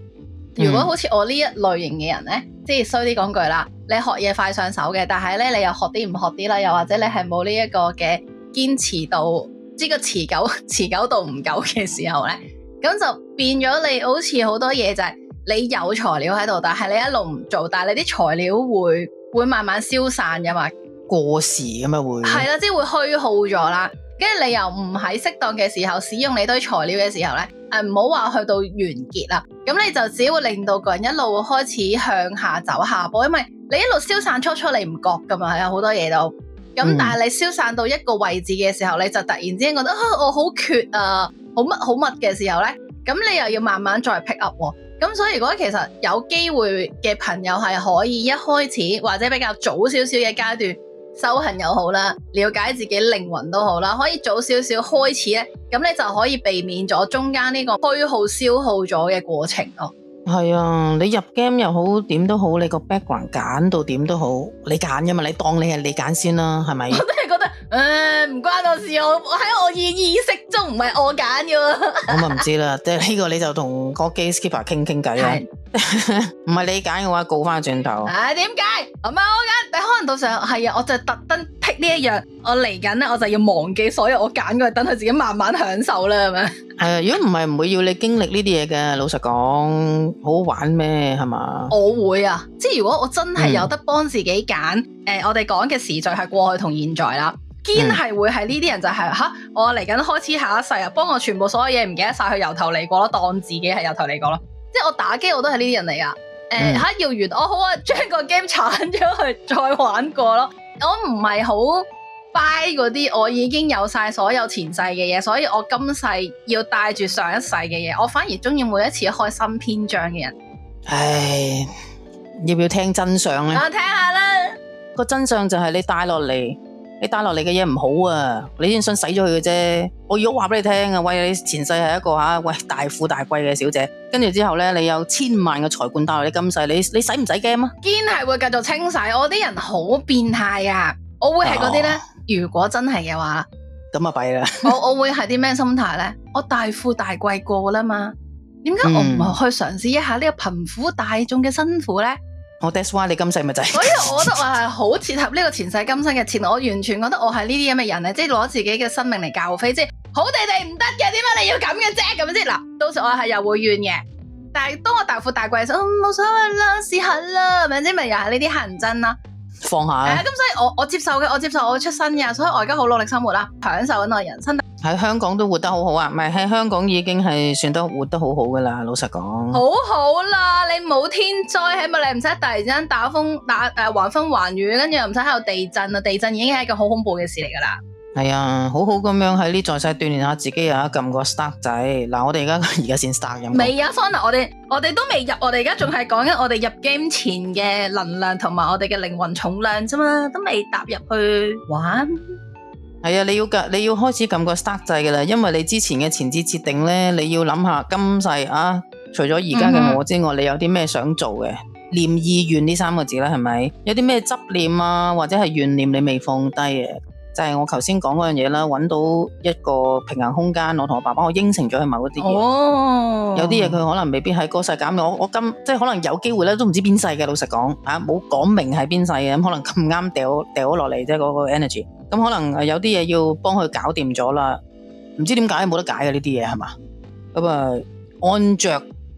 如果好似我呢一類型嘅人呢，嗯、即係衰啲講句啦，你學嘢快上手嘅，但係呢，你又學啲唔學啲啦，又或者你係冇呢一個嘅堅持度，即、呢、係個持久持久度唔夠嘅時候呢，咁就變咗你好似好多嘢就係你有材料喺度，但係你一路唔做，但係你啲材料會會慢慢消散嘅嘛，過時咁樣會，係啦，即係會虛耗咗啦。跟住你又唔喺適當嘅時候使用你堆材料嘅時候咧，誒，唔好話去到完結啦。咁你就只會令到個人一路開始向下走下坡，因為你一路消散初初你唔覺噶嘛，有好多嘢都。咁但係你消散到一個位置嘅時候，你就突然之間覺得，啊，我好缺啊，好乜好乜嘅時候咧，咁你又要慢慢再 pick up 喎。咁所以如果其實有機會嘅朋友係可以一開始或者比較早少少嘅階段。修行又好啦，了解自己靈魂都好啦，可以早少少開始咧，咁你就可以避免咗中間呢個虛耗消耗咗嘅過程咯。係啊，你入 game 又好，點都好，你個 background 揀到點都好，你揀噶嘛，你當你係你揀先啦，係咪？我都係覺得。誒，唔、嗯、關我事，我喺我意意識中唔係我揀嘅，我啊唔知啦，即係呢個你就同個 gaskeeper 傾傾偈啦，唔係 [laughs] 你揀嘅話，告翻轉頭。係點解唔係我揀？你可能到時候係啊，我就特登 pick 呢一樣，我嚟緊咧，我就要忘記所有我揀嘅，等佢自己慢慢享受啦，係咪？係啊，如果唔係唔會要你經歷呢啲嘢嘅，老實講，好玩咩？係嘛？我會啊，即係如果我真係有得幫自己揀。嗯誒、呃，我哋講嘅時序係過去同現在啦，堅係會係呢啲人就係、是、吓、嗯啊，我嚟緊開始下一世啊，幫我全部所有嘢唔記得晒，去由頭嚟過咯，當自己係由頭嚟過咯。即係我打機我都係呢啲人嚟㗎。誒、嗯，吓要完我好啊，將個 game 鏟咗去再玩過咯。我唔係好 buy 嗰啲，我已經有晒所有前世嘅嘢，所以我今世要帶住上一世嘅嘢，我反而中意每一次開新篇章嘅人。唉，要唔要聽真相咧？我聽下啦。個真相就係你帶落嚟，你帶落嚟嘅嘢唔好啊，你先信洗咗佢嘅啫。我如果話俾你聽啊，喂，你前世係一個吓喂大富大貴嘅小姐，跟住之後咧，你有千萬嘅財冠帶落你今世，你你使唔使驚啊？堅係會繼續清洗，我啲人好變態啊！我會係嗰啲咧，哦、如果真係嘅話，咁啊弊啦！我我會係啲咩心態咧？我大富大貴過啦嘛，點解我唔去嘗試一下呢個貧苦大眾嘅辛苦咧？我 that's why，你今世咪就係、是，所 [laughs] 以我覺得我係好切合呢個前世今生嘅前，我完全覺得我係呢啲咁嘅人咧，即係攞自己嘅生命嚟教飛，即係好地地唔得嘅，點解你要咁嘅啫？咁啫，嗱，到時我係又會怨嘅，但係當我大富大貴，嘅時候，冇、哦、所謂啦，試下啦，唔知唔知又係呢啲乞人憎啦。放下啦！咁、啊嗯、所以我我接受嘅，我接受我出身嘅，所以我而家好努力生活啦，享受緊我人生。喺香港都活得好好啊，唔係喺香港已經係算得活得好好噶啦，老實講。好好啦，你冇天災，起碼你唔使突然間打風打誒橫風橫雨，跟住又唔使喺度地震啊！地震已經係一個好恐怖嘅事嚟噶啦。係啊，好好咁樣喺呢在世鍛煉下自己啊，撳個 start 掣。嗱，我哋而家而家先 start 嘅嘛。未啊 f u 我哋我哋都未入，我哋而家仲係講緊我哋入 game 前嘅能量同埋我哋嘅靈魂重量啫嘛，都未踏入去玩。係啊，你要撳，你要開始撳個 start 掣噶啦，因為你之前嘅前置設定咧，你要諗下今世啊，除咗而家嘅我之外，你有啲咩想做嘅？Mm hmm. 念意願呢三個字啦，係咪有啲咩執念啊，或者係怨念你未放低嘅？就係我頭先講嗰樣嘢啦，揾到一個平行空間，我同我爸爸，我應承咗佢某嗰啲嘢。Oh. 有啲嘢佢可能未必喺嗰世減我我今即係可能有機會咧，都唔知邊世嘅。老實講嚇，冇、啊、講明係邊世嘅咁，可能咁啱掉掉咗落嚟啫。嗰、那個 energy 咁、嗯、可能有啲嘢要幫佢搞掂咗啦。唔知點解冇得解嘅呢啲嘢係嘛？咁啊、嗯，按著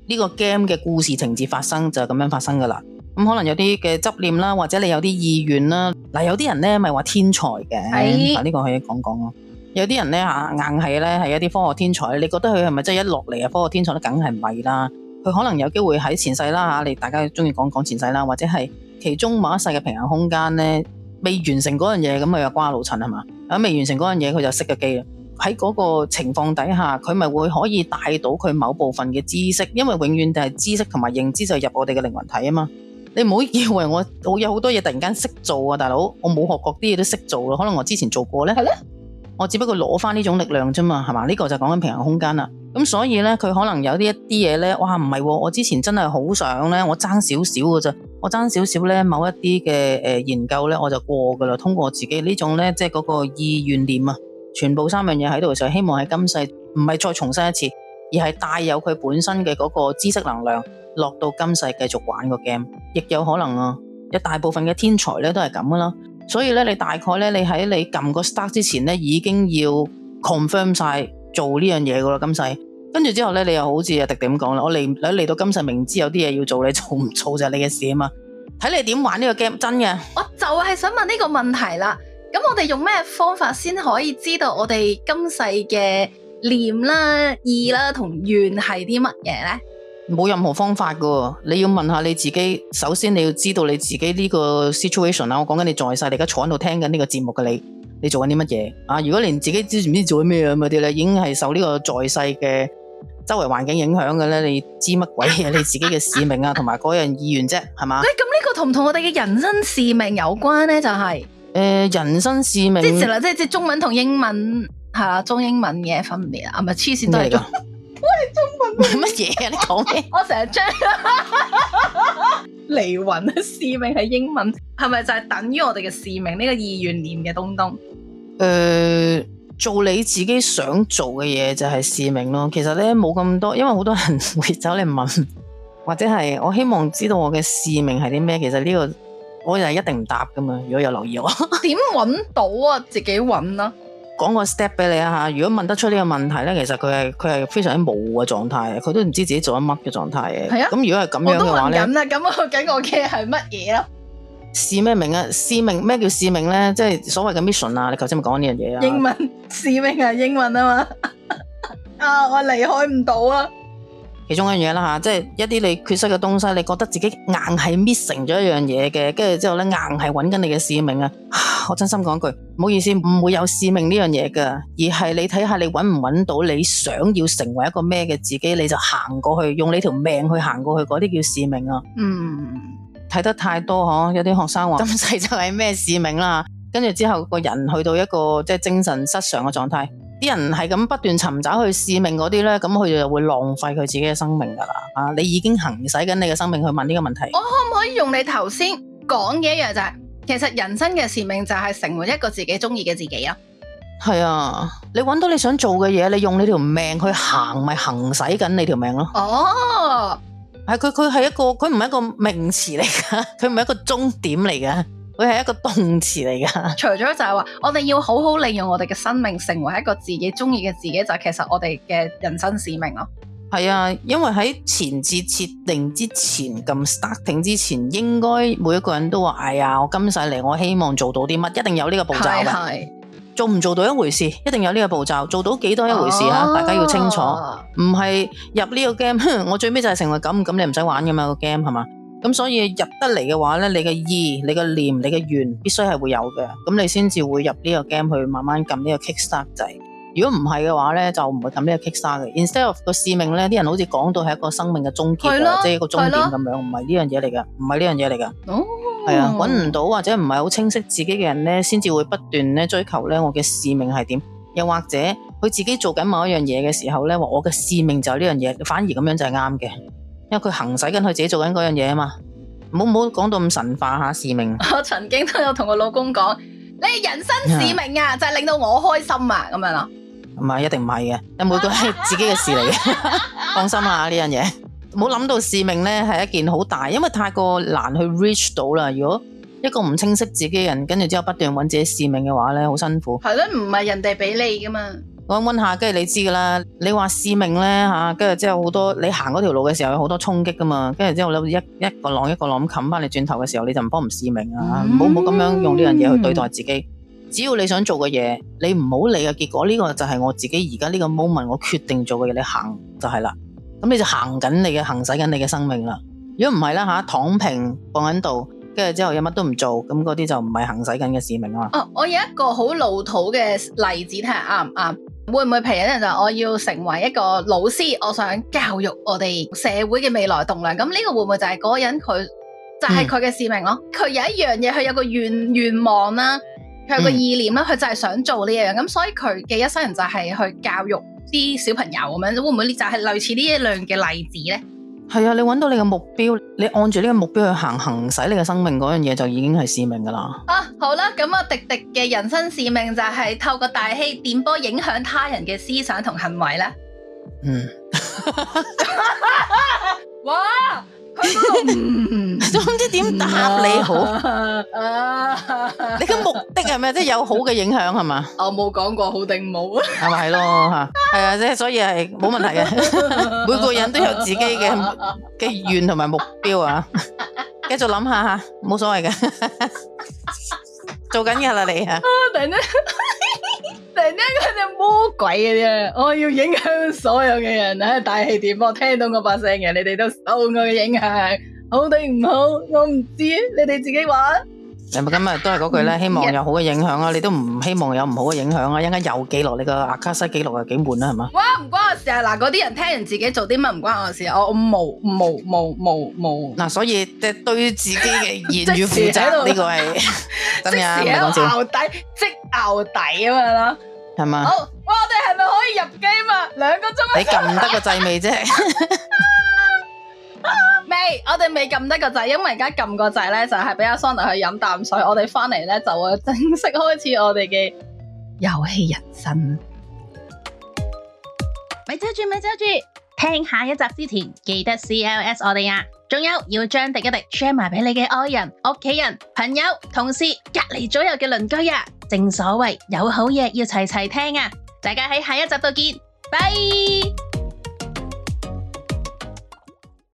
呢個 game 嘅故事情節發生就係、是、咁樣發生噶啦。咁、嗯、可能有啲嘅執念啦，或者你有啲意願啦。嗱，有啲人咧咪話天才嘅，哎、啊呢、呢個可以講講咯。有啲人咧吓、啊、硬係咧係一啲科學天才，你覺得佢係咪真係一落嚟啊？科學天才咧，梗係唔係啦。佢可能有機會喺前世啦吓，你、啊、大家中意講講前世啦，或者係其中某一世嘅平行空間咧未完成嗰樣嘢，咁咪又瓜老襯係嘛啊？未完成嗰樣嘢，佢就熄咗機啦。喺嗰個情況底下，佢咪會可以帶到佢某部分嘅知識，因為永遠就係知識同埋認知就入，入我哋嘅靈魂體啊嘛。你唔好以為我有好多嘢突然間識做啊，大佬，我冇學過啲嘢都識做咯，可能我之前做過呢？係呢？我只不過攞翻呢種力量啫嘛，係嘛？呢個就講緊平衡空間啦。咁所以呢，佢可能有啲一啲嘢咧，哇，唔係喎，我之前真係好想咧，我爭少少嘅啫，我爭少少咧某一啲嘅研究呢，我就過噶啦，通過自己呢種呢，即係嗰個意願念啊，全部三樣嘢喺度就希望喺今世，唔係再重生一次。而係帶有佢本身嘅嗰個知識能量落到今世繼續玩個 game，亦有可能啊，有大部分嘅天才咧都係咁噶啦。所以咧，你大概咧，你喺你撳個 start 之前咧，已經要 confirm 晒做呢樣嘢噶啦，今世跟住之後咧，你又好似阿廸咁講啦，我嚟，如果嚟到今世明知有啲嘢要做，你做唔做就係你嘅事啊嘛，睇你點玩呢個 game，真嘅。 [laughs] 我就係想問呢個問題啦，咁我哋用咩方法先可以知道我哋今世嘅？念啦、意啦同願係啲乜嘢咧？冇任何方法噶，你要問下你自己。首先你要知道你自己呢個 situation 啊。我講緊你在世，你而家坐喺度聽緊呢個節目嘅你，你做緊啲乜嘢啊？如果你連自己之前唔知，知做緊咩咁嗰啲咧，已經係受呢個在世嘅周圍環境影響嘅咧，你知乜鬼嘢？ [laughs] 你自己嘅使命啊，同埋嗰樣意願啫，係嘛？咁呢 [laughs] 個同唔同我哋嘅人生使命有關咧？就係、是、誒、呃，人生使命即係成即係即係中文同英文。係啦，中英文嘅分別啊，係咪黐線都係咁。喂，中文咩？乜嘢啊？你講咩？我成日將離魂嘅使命係英文，係咪就係等於我哋嘅使命呢個意願念嘅東東？誒、呃，做你自己想做嘅嘢就係使命咯。其實咧冇咁多，因為好多人會走嚟問，或者係我希望知道我嘅使命係啲咩。其實呢、呢個我又係一定唔答噶嘛。如果有留意我，點 [laughs] 揾到啊？自己揾啦。講個 step 俾你啊嚇！如果問得出呢個問題咧，其實佢係佢係非常之模糊嘅狀態，佢都唔知自己做緊乜嘅狀態嘅。係啊，咁如果係咁樣嘅話咧，我都咁我究竟我嘅係乜嘢啊？使命啊！使命咩叫使命咧？即係所謂嘅 mission 啊！你頭先咪講呢樣嘢啊？英文使命係英文啊嘛！啊，我離開唔到啊！其中一樣嘢啦嚇，即係一啲你缺失嘅東西，你覺得自己硬係搣成咗一樣嘢嘅，跟住之後咧硬係揾緊你嘅使命啊！我真心講句，唔好意思，唔會有使命呢樣嘢㗎，而係你睇下你揾唔揾到你想要成為一個咩嘅自己，你就行過去，用你條命去行過去，嗰啲叫使命啊！嗯，睇得太多嗬，有啲學生話，今世就係咩使命啦，跟住之後個人去到一個即係精神失常嘅狀態。啲人係咁不斷尋找去使命嗰啲咧，咁佢就會浪費佢自己嘅生命噶啦。啊，你已經行使緊你嘅生命去問呢個問題。我可唔可以用你頭先講嘅一樣就係其實人生嘅使命就係成為一個自己中意嘅自己啊？係啊，你揾到你想做嘅嘢，你用你條命去行，咪行使緊你條命咯。哦，係佢，佢係一個佢唔係一個名詞嚟噶，佢唔係一個終點嚟噶。佢係一個動詞嚟噶，除咗就係話，我哋要好好利用我哋嘅生命，成為一個自己中意嘅自己，就係其實我哋嘅人生使命咯。係啊，因為喺前置設定之前，撳 starting 之前，應該每一個人都話：哎呀，我今世嚟，我希望做到啲乜，一定有呢個步驟嘅。係係。做唔做到一回事，一定有呢個步驟。做到幾多一回事嚇，啊，啊、大家要清楚。唔係入呢個 game，我最尾就係成為咁，咁你唔使玩噶嘛個 game 係嘛？那個咁所以入得嚟嘅話咧，你嘅意、你嘅念、你嘅願，必須係會有嘅，咁你先至會入呢個 game 去慢慢撳呢個 kick start 掣。如果唔係嘅話咧，就唔會撳呢個 kick start 嘅。Instead of 個使命咧，啲人好似講到係一個生命嘅終結，即係了一個終點咁樣，唔係呢樣嘢嚟㗎，唔係呢樣嘢嚟㗎。哦，係啊、oh.，搵唔到或者唔係好清晰自己嘅人咧，先至會不斷咧追求咧我嘅使命係點。又或者佢自己做緊某一樣嘢嘅時候咧，我嘅使命就係呢樣嘢，反而咁樣就係啱嘅。因為佢行使緊佢自己做緊嗰樣嘢啊嘛，唔好唔好講到咁神化下使命。 [laughs] 我曾經都有同我老公講，你人生使命啊，的就係令到我開心啊，咁樣咯。唔係，一定唔係嘅，因為每個係自己嘅事嚟嘅， [laughs] 放心啦呢樣嘢，唔好諗到使命呢係一件好大，因為太過難去 reach 到啦。如果一個唔清晰自己嘅人，跟住之後不斷揾自己使命嘅話呢，好辛苦。係咯，唔係人哋俾你噶嘛。我問，問下，跟住你知噶啦。你話使命咧，跟住之後好多你行嗰條路嘅時候，有好多衝擊噶嘛。跟住之後咧，一一個浪一個浪咁冚翻嚟，你轉頭嘅時候你就唔幫唔使命啊！唔好唔好咁樣用呢樣嘢去對待自己。只要你想做嘅嘢，你唔好理嘅結果。呢個就係我自己而家呢個 moment，我決定做嘅嘢，你行就係、是、啦。咁你就行緊你嘅行使緊你嘅生命啦。如果唔係啦，躺平放喺度，跟住之後又乜都唔做，咁嗰啲就唔係行使緊嘅使命啦、哦。我有一個好老土嘅例子，睇下啱唔啱。會唔會平人就我要成為一個老師，我想教育我哋社會嘅未來棟樑。咁呢個會唔會就係嗰個人佢就係佢嘅使命咯？佢、嗯、有一樣嘢，佢有個願願望啦，佢有個意念啦，佢、嗯、就係想做呢樣。咁所以佢嘅一生人就係去教育啲小朋友咁樣。會唔會就係類似呢一樣嘅例子咧？係啊，你揾到你嘅目標，你按住呢個目標去行，行使你嘅生命嗰樣嘢就已經係使命噶啦。啊，好啦，咁啊，迪迪嘅人生使命就係透過大氣電波影響他人嘅思想同行為咧。嗯， [laughs] [laughs] 哇！總之點答你好？你嘅目的係咪？即係有好嘅影響係嘛？我冇講過好定冇啊？係咪係咯吓？係啊，即係所以係冇問題嘅。每個人都有自己嘅願同埋目標啊！繼續諗下吓，冇所謂嘅。做緊嘢啦你啊！啊，等等。你突然間就魔鬼嘅嘢、哦、我要影響所有嘅人啊、哎！大氣電波聽到我把聲嘅，你哋都受我嘅影響，好定唔好，我唔知，你哋自己話。係咪咁啊？都係嗰句咧，希望有好嘅影響啊！你都唔希望有唔好嘅影響啊！一陣間有記錄，你個阿卡西記錄又幾悶啊，係嘛？哇！唔關我事啊！嗱，嗰啲人聽人自己做啲乜唔關我事，我我無無無無無嗱，所以即係對自己嘅言語負責，呢個係真噶，唔講笑。積牛底，積牛底啊嘛啦，係嘛？好，我哋係咪可以入機啊？嘛，兩個鐘你撳得個掣未啫。未，我哋未撳得個掣，因為而家撳個掣咧就係俾阿 Sona 去飲啖水，我哋翻嚟咧就會正式開始我哋嘅遊戲人生。咪遮住咪遮住，聽下一集之前記得 CLS 我哋啊，仲有，要將廸一廸 share 埋俾你嘅愛人、屋企人、朋友、同事、隔籬左右嘅鄰居啊！正所謂有好嘢要齊齊聽啊！大家喺下一集度見，拜。